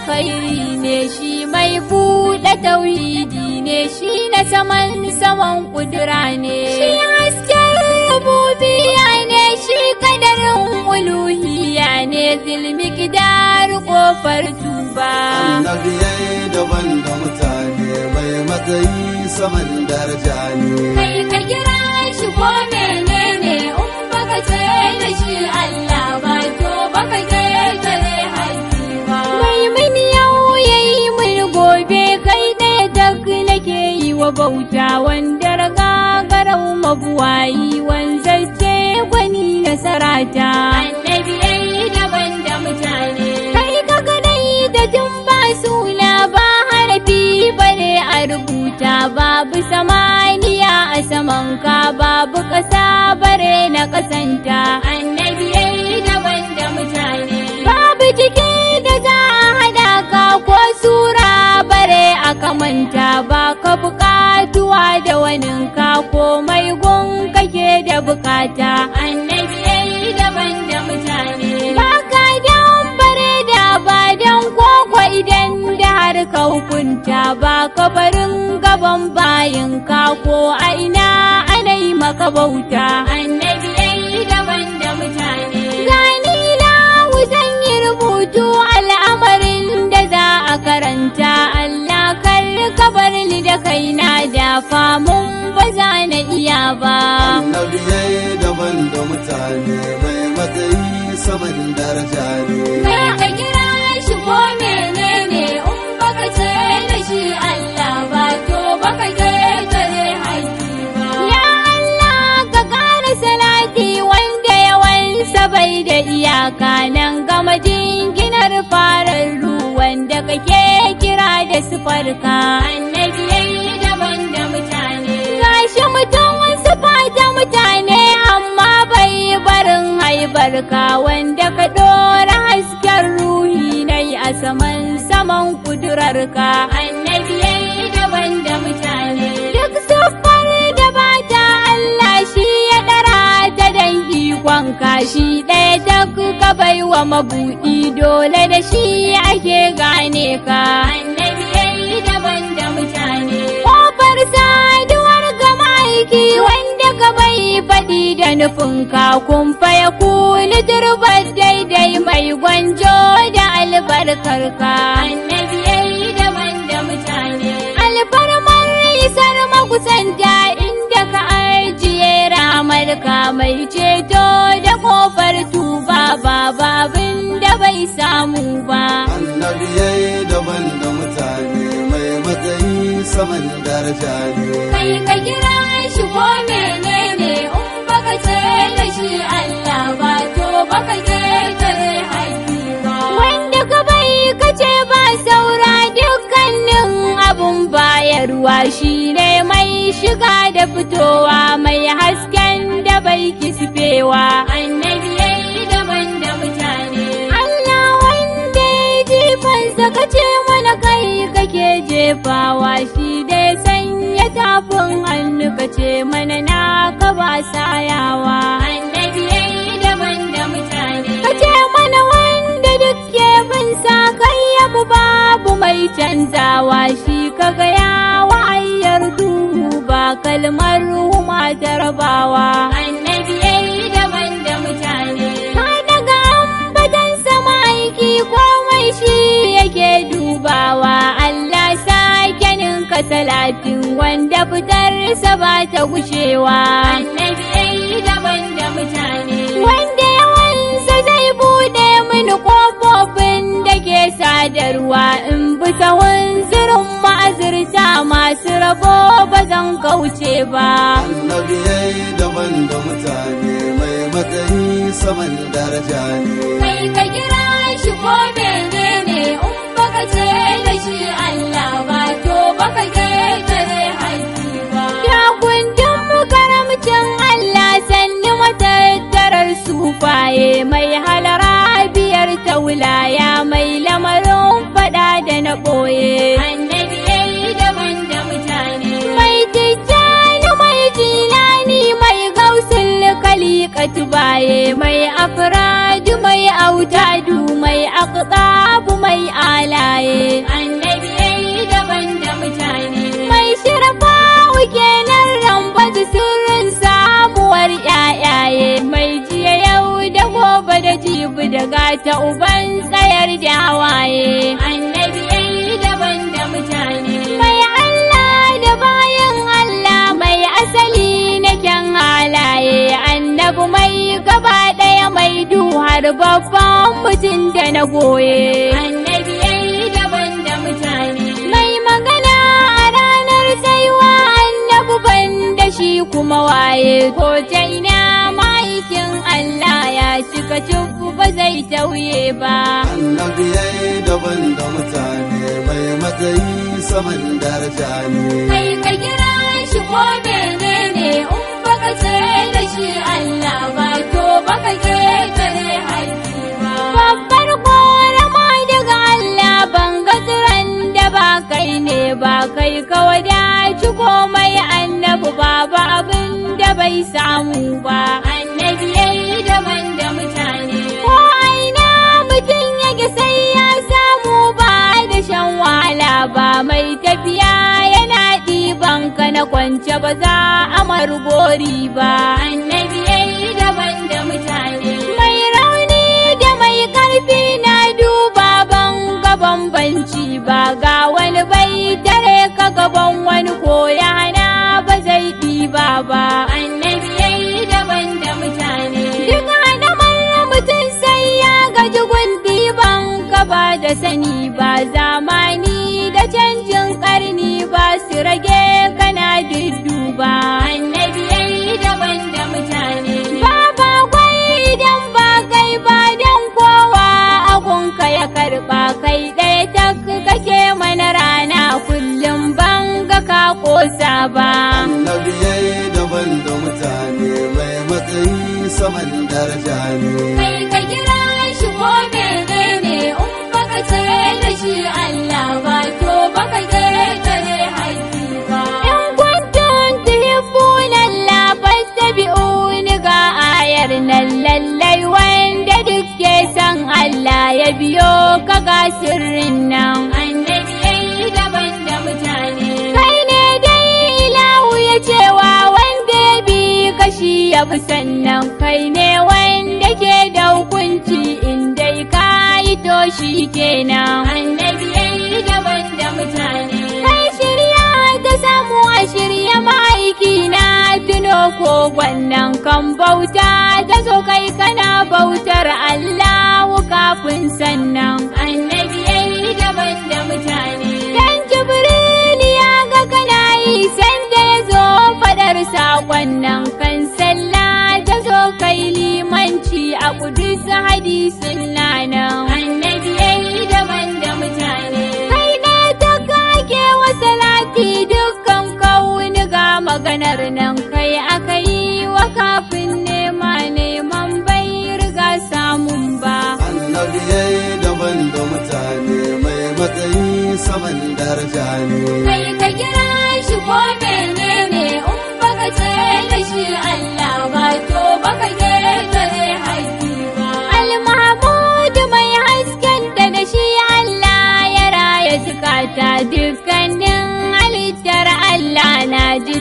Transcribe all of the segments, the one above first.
alkhairi ne shi mai buɗe tauhidi ne shi na saman saman kudura ne shi hasken rububiya ne shi kadarin uluhiya ne zilmi gidar kofar tuba annabiyai daban da mutane mai matsayi saman daraja ne kai ka kira shi ko menene in baka ce da shi Allah ba to baka je kyauta wandar gagarau mabuwayi wanzacce gwani na sarata. Kai ka da suna ba a rubuta babu samaniya a saman ka babu ƙasa bare na ƙasanta. Annabi yayi daban da mutane. Babu jiki da za a haɗa ka ko sura bare a kamanta ba ka buƙata. kowa da waninka mai gun kake da bukata annabi yayi daban da mutane ba ka dan bare da ba dan koko idan da har ka hukunta ba ka barin gaban bayan ka ko aina anai maka bauta famun ba za na iya ba. Annabi ya daban da mutane mai matsayi saman daraja ne. Kai ka kira shi ko menene in baka ce na shi Allah ba to baka ketare haƙƙi ba. Ya Allah ka ƙara salati wanda yawansa bai da iyaka nan gama jinginar farar ruwan da kake kira da sifarka. albarka wanda ka ɗora hasken ruhi nai a saman saman kudurarka. Annabi yayi daban da mutane. Duk siffar da bata Allah shi ya dara. ta dan ikonka shi ɗaya ta ka baiwa wa mabuɗi dole da shi ake gane ka. Annabi yayi daban da mutane. Kofar sa faɗi da nufin kakun faya kuli turbar daidai mai gwanjo da albarkar ka. Annabi yayi daban da mutane. Alfarmar isar makusanta inda ka ajiye ramar ka mai ceto da kofar tuba ba babin da bai samu ba. Annabi yayi daban da mutane mai matsayi saman Kai ka kira shi ko menene Yarwa ruwa shine mai shiga da fitowa mai hasken da bai kisfewa annabi yayi daban da mutane Allah wanda ya jifan saka ce mana kai kake jefawa shi dai sanya tafin hannu ka ce mana na ka ba sayawa annabi yayi daban da mutane ka ce mana wanda duk ke bin sa kai babu mai canzawa shi kaga takalmar ruma jarabawa. Annabi ya daban da mutane. Ka daga ambatan sama aiki komai shi yake dubawa. Allah sake ninka talatin wanda fitarsa ba ta gushewa. Annabi daban da mutane. Wanda yawansa zai buɗe mini ƙofofin da ke sadarwa in bi sahun yabo ba zan kauce ba. Annabiyai daban da mutane mai matsayi saman daraja ne. Kai ka kira shi ko bene ne in baka ce da shi Allah ba to baka ƙetare haƙƙi ba. Ya kundin mu karamcin Allah sanni matattarar sufaye mai halara biyar taulaya mai lamarin fada da na ɓoye. sarkatu baye mai afraju mai autadu mai aqtabu mai alaye annabi yayi daban da mutane mai shirfa kenan rambatu sirrin samuwar yayaye mai jiya yau da gobe da jibi da gata uban tsayar da hawaye annabi Umar babban mutum da na goye. Mai magana a ranar An annabi ban da shi kuma waye. Ko na ma'aikin Allah ya cika cikku ba zai tauye ba. Annabi yi daban da mutane mai matsayi saman daraja ne. Kai ka kira shi ko ne in baka ce da shi kai ka wadaci komai annabi babu abin da bai samu ba annabi yayi daban da mutane ko aina mutum yake sai ya samu ba da shan wahala ba mai tafiya yana ɗiban ka na kwance ba za a margori ba annabi ba. Lauriye daban da mutane mai matsayi saman daraja ne. Kai ka kira shi ko mene ne in baka tare da shi Allah ba to baka tare da ne haƙi ba. In kuntum tuhibbuna Allah fastabi'uni ga ayar nan lallai wanda duk ke Allah ya biyo ka ga sirrin nan. yabu sannan kai ne wanda ke da hukunci in dai ka yi to shi kenan. Annabi daban da mutane. Kai shirya ta samu a shirya ma'aiki na tuno ko wannan kan bauta ta so kai kana bautar Allah kafin sannan. ku duk hadisin nana annabi yi daban da mutane kai ne ta kage wa salati dukkan kawuni ga maganar nan kai aka yi wa kafin nema neman bai riga samun ba annabi yi daban da mutane mai matsayi saman daraja ne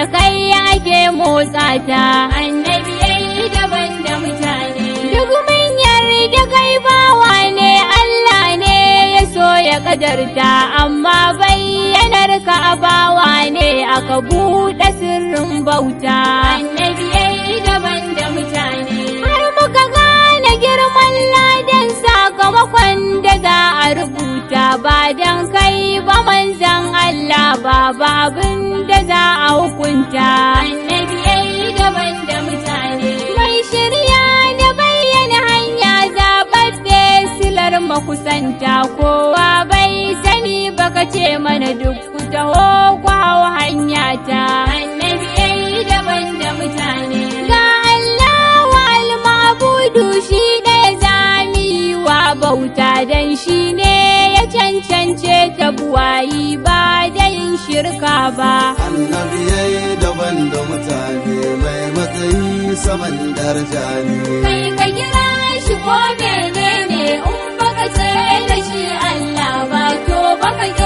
da kai yake motsa ta annabi daban da mutane duk manyan yarda kai bawa ne Allah ne ya so ya kadarta amma bayyanar ka bawa ne aka buɗe sirrin bauta annabi daban da mutane har muka gane girman ladan sakamakon da za a rubuta ba dan kai ba manzan Allah ba babin da za a hukunta kusanta kowa bai sani baka ce mana duk ku taho kwawo hanya ta annabi yayi daban da mutane ga Allahu al-mabudu shi ne zami wa bauta dan shi ne ya cancance ta buwayi bai shirka ba. Annabi daban da mutane mai matsayi saman daraja ne. Kai ka kira shi ko menene in baka ce da shi Allah ba to baka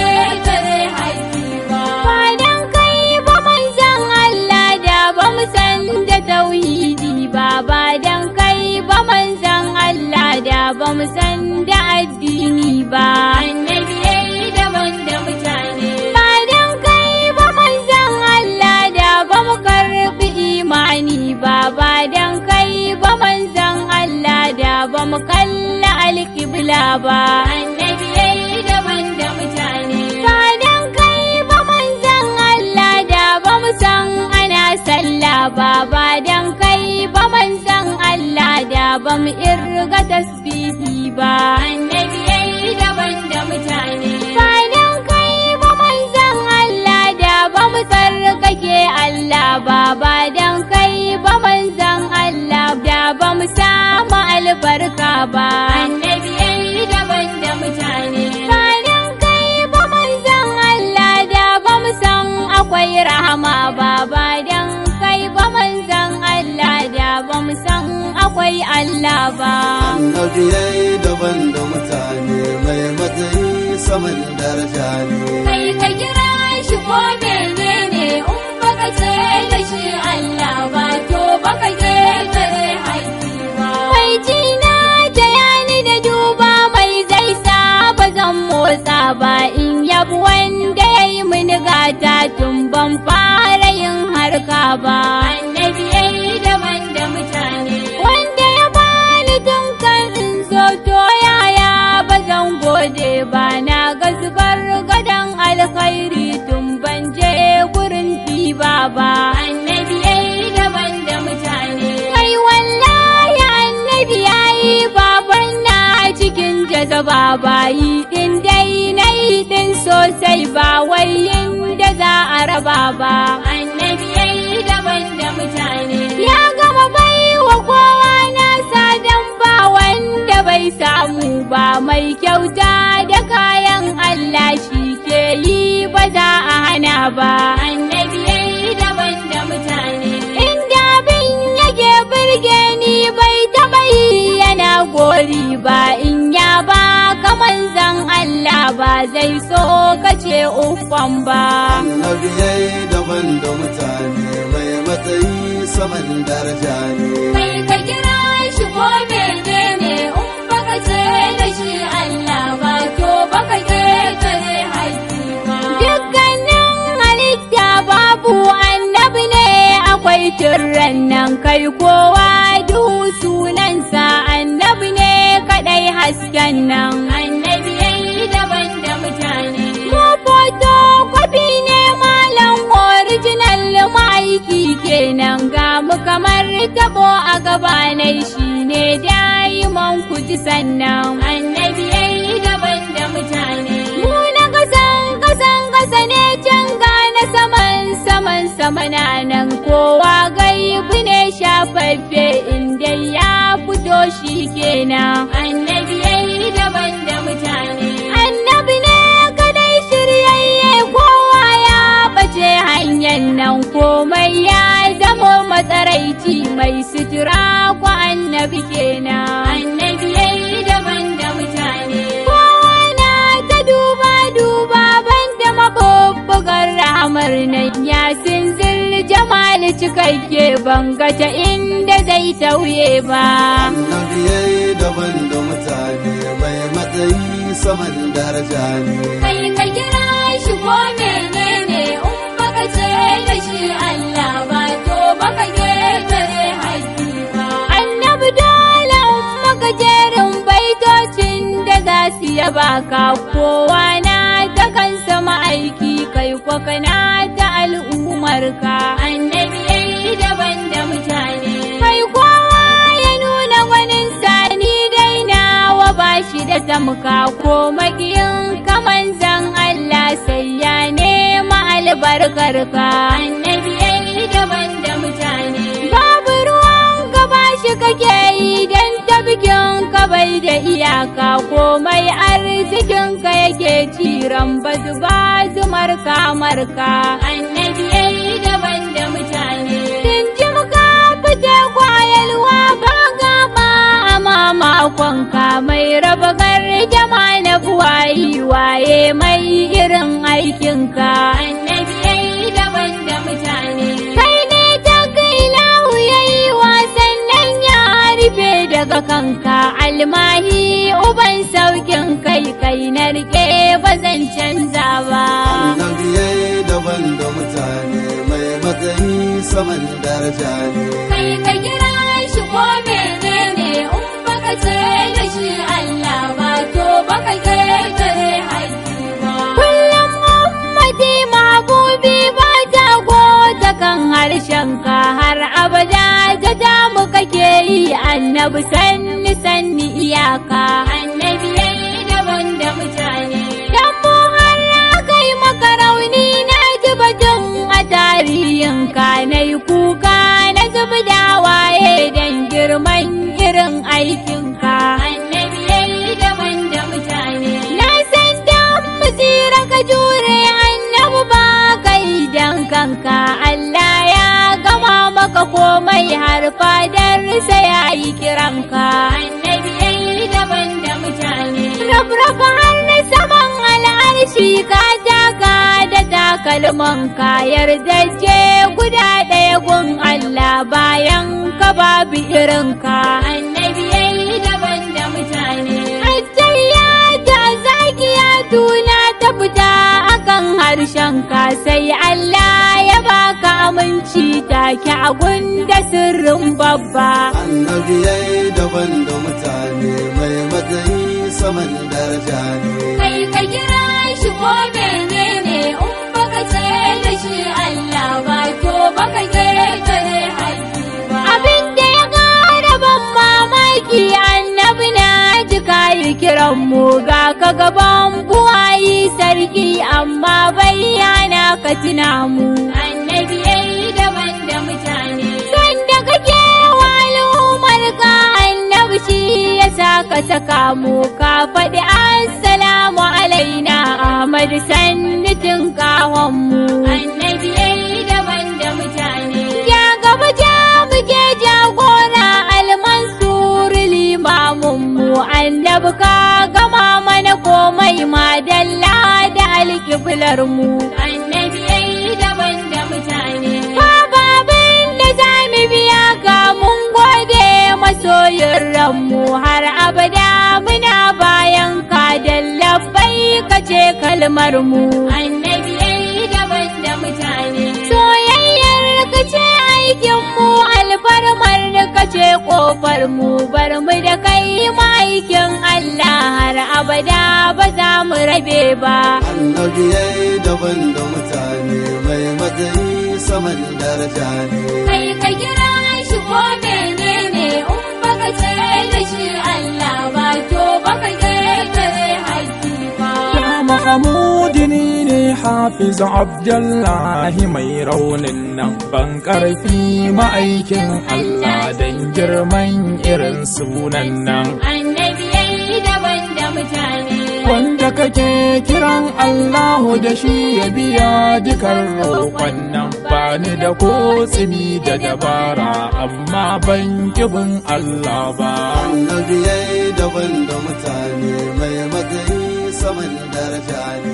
duniya ba. Ba kai ba manzan Allah da san ana sallah ba ba manzan Allah da ba mu irga tasbihi ba. Annabi daban da mutane. Ba kai ba manzan Allah da ba mu Allah ba ba kai ba manzan Allah da ba samu albarka ba. Annabi daban da kai san akwai rahama ba kai ba daban da mutane mai matsayi saman daraja ne. Kai ka kira shi ko menene in baka ce da shi Allah ba to baka ba in yab wanda ya yi mini gata tun ban fara yin harka ba. samu ba mai kyauta da kayan Allah shi ke yi ba za a hana ba. Annabi daban da mutane. Inda bin yake birge ni bai taɓa yi yana gori ba in ya ba kamar zan Allah ba zai so kace uffan ba. Annabi yayi daban da mutane mai matsayi saman daraja ne. Kai ka kira shi ko ne ne sirran nan kai kowa duhu sunansa annabi ne kadai hasken nan. Annabi yayi daban da mutane. Mu foto kwafi ne malam original ma'aiki kenan ga mu kamar tabo a gabanai shi ne da ku ji sannan annabi yi daban da mutane mu na kasan kasan kasa ne can gane saman saman sama nan kowa gaibu ne shafaffe in ya fito shi kenan annabi yi daban da mutane annabi ne kadai shiryayye kowa ya bace hanyar nan komai ya zamo matsaraici mai sutura ku annabi kenan wani cikakke ke ga ta inda zai tauye ba. Annabi ya daban da mutane mai matsayi saman daraja ne. Kai ka kira shi ko menene in baka ce da shi Allah ba to baka ketare haji ba. Annabi dole maka jerin baitocin da za su yaba ka kowa na ta kansa ma'aiki kai kwa kana ta al'ummarka. damka ko makiyin kaman zan Allah sai ya nema albarkar ka annabi yayi daban da mutane babu ruwan gaba shi kake yi dan tabkin ka bai da iyaka komai arzikin ka yake ciran bazu ba zumar marka annabi yayi daban da mutane tun ji muka fite kwayalwa ba gaba a ma ka mai raba garjama na buwayi waye mai irin aikinka annabi daban da mutane kai ne ta kai wasan nan ya daga kanka almahi uban saukin kai kai na rike bazan canza ba annabi yayi daban da mutane mai matsayi saman daraja ne kai ka harshenka har abada kake yi annabi sanni sanni iyaka annabi yayi daban da mutane dan mu har kai maka rauni na ji jin a tarihin ka nayi kuka na zubi da waye don girman aikinka. Annabi yayi daban da mutane. Na san da basira ka jure annabi ba kai dan kanka. Allah ya gama maka komai har fadarsa ya yi kiranka. Annabi yayi daban da mutane. Rabraba har na saman al'arshi ka taka da takalmanka yarda je guda ɗaya gun Allah bayan ka babu irinka. ranka sai Allah ya baka aminci take a gunda sirrin babba. Annabi yayi daban da mutane mai matsayi saman daraja ne. Kai ka kira shi ko bene ne in baka ce da shi Allah ba to baka ƙetare haƙƙi ba. Abin da ya ƙara ban mamaki annabi na jika kiran mu ga ka gaban buwayi sarki amma duniya na ka tuna mu annabi yayi daban da mutane sanda kake wa al'ummar ka annabi shi ya saka saka mu ka faɗi assalamu alaina Amadu sanna mu. Annabi yayi daban da mutane. Bababin da za mu biya mun gode masoyin ranmu har abada muna bayan ka da labbai ka kalmar mu. kofar mu bar mu da kai ma'aikin Allah har abada ba za mu rabe ba. Annabi yayi daban da mutane mai matsayi saman daraja ne. Kai ka kira shi ko menene in baka ce da shi Allah ba to baka ƙetare mahamudini ne hafiz abdullahi mai raunin nan ban karfi ma'aikin allah don girman irin sunan nan Wanda ka ke wanda kake kiran Allahu da shi ya biya dukan roƙon nan ba ni da ko tsimi da dabara amma ban kibin Allah ba. Annabi yayi daban da mutane mai matsayi ሰምን ደረጃ